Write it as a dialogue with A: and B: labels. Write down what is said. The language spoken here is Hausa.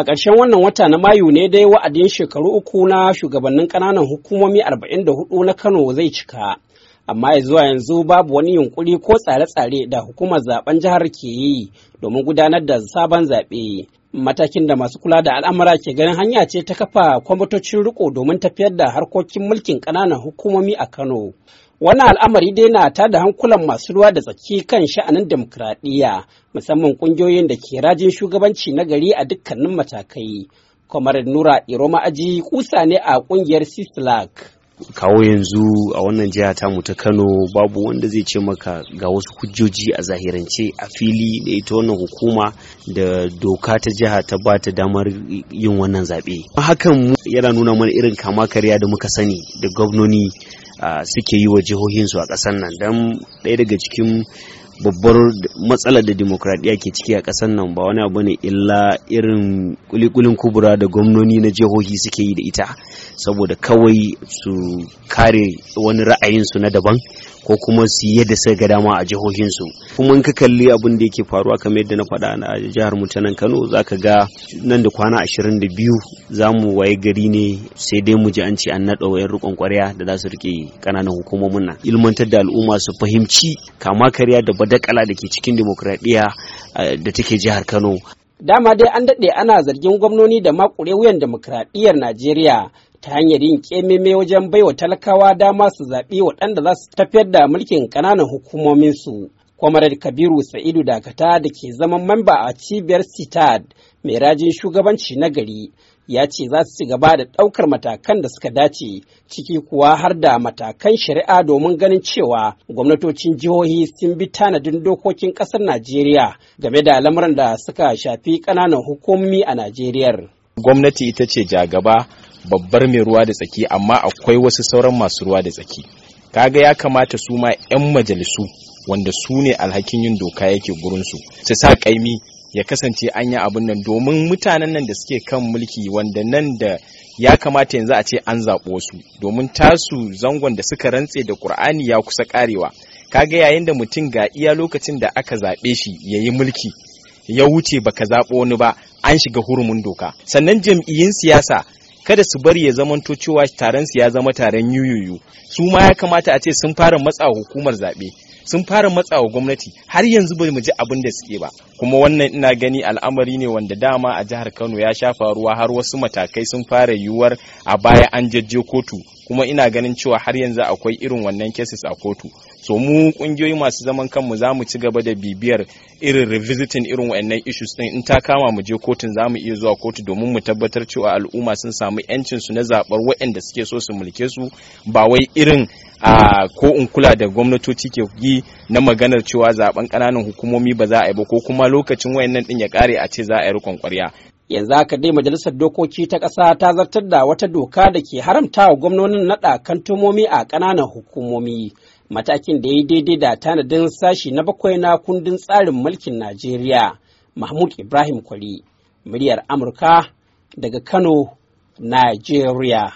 A: A ƙarshen wannan wata na Mayu ne dai wa'adin shekaru uku na shugabannin ƙananan hukumomi arba'in da hudu na Kano zai cika. Amma ya zuwa yanzu babu wani yunkuri ko tsare-tsare da hukumar zaben jihar ke yi domin gudanar da sabon zaɓe. Matakin da masu kula da al'amura ke ganin hanya ce ta kafa kwamitocin riko domin tafiyar da harkokin mulkin ƙananan hukumomi a Kano. Wannan al'amari dai na da hankulan masu ruwa da tsaki kan sha'anin demokuraɗiyya musamman ƙungiyoyin da ke rajin shugabanci na gari a dukkanin matakai. kamar Nura Iroma Aji kusa ne a ƙungiyar Sislak.
B: kawo yanzu a wannan jiha ta mu ta Kano babu wanda zai ce maka ga wasu hujjoji a zahirance a fili da ita wannan hukuma da doka ta jiha ta ba ta damar yin wannan zaɓe. Hakan yana nuna mana irin kama karya da muka sani da gwamnoni ah, suke yi wa jihohinsu a ƙasar nan don ɗaya daga cikin babbar matsalar da demokradiyya ke ciki a ƙasar nan ba wani abu ne illa irin kulikulin kubura da gwamnoni na jihohi suke yi da ita saboda kawai su kare wani ra'ayinsu na daban ko kuma su yi yadda suka ga dama a jihohinsu kuma in ka kalli abin da yake faruwa kama yadda na faɗa a jihar mu ta nan Kano zaka ga nan da kwana ashirin da biyu za mu waye gari ne sai dai mu ji an ce an naɗa wayar rikon kwarya da za su riƙe ƙananan hukumomin nan ilmantar da al'umma su fahimci kama karya da dakala da ke cikin demokradiyya eh, da take jihar Kano.
A: Dama dai an daɗe ana zargin gwamnoni da makure wuyan demokradiyyar Najeriya ta hanyar yin kememe wajen baiwa talakawa dama su zaɓi waɗanda za su tafiyar da mulkin ƙananan hukumominsu. Kwamarar Kabiru Sa'idu Dakata da ke zaman mamba a cibiyar Sitad mai rajin shugabanci na gari ya ce za su ci gaba da ɗaukar matakan da suka dace ciki kuwa har da matakan shari'a domin ganin cewa gwamnatocin jihohi sun bi tanadin dokokin ƙasar najeriya game da lamuran da suka shafi ƙananan hukumomi a najeriya
C: gwamnati ita ce jagaba babbar mai ruwa da tsaki amma akwai wasu sauran masu ruwa da tsaki kaga ya kamata su ma 'yan majalisu wanda su ne alhakin yin doka yake gurinsu su sa kaimi ya kasance an yi abin nan domin mutanen nan da suke kan mulki wanda nan da ya kamata yanzu a ce an zaɓo su domin tasu zangon da suka rantse da ƙur'ani ya kusa ƙarewa kaga yayin da mutum ga iya lokacin da aka zaɓe shi ya yi mulki ya wuce baka zaɓo wani ba an shiga hurumin doka sannan jam'iyyun siyasa kada su bari ya zamanto cewa taron su ya zama taron yuyuyu su ma ya kamata a ce sun fara matsa hukumar zaɓe sun fara matsawa gwamnati har yanzu bai mu ji abin da suke ba kuma wannan ina gani al'amari ne wanda dama a jihar Kano ya sha faruwa har wasu matakai sun fara yiwuwar a baya an jajje kotu kuma ina ganin cewa har yanzu akwai irin wannan cases a kotu so mu kungiyoyi masu zaman kanmu za mu ci gaba da bibiyar irin revisiting irin wayannan issues din in ta kama mu je kotun za mu iya zuwa kotu domin mu tabbatar cewa al'umma sun samu yancin su na zabar waɗanda suke so su mulke su ba wai irin a ko in kula da gwamnatoci ke yi na maganar cewa zaben
A: ƙananan hukumomi ba za a yi ba ko kuma lokacin wayannan din ya kare a ce za a yi rukun yanzu haka dai majalisar dokoki ta ƙasa ta zartar da wata doka da ke haramta wa gwamnonin naɗa kantomomi a ƙananan hukumomi matakin da ya daidai da tanadin sashi na bakwai na kundin tsarin mulkin najeriya mahmud ibrahim kwari muryar amurka daga kano najeriya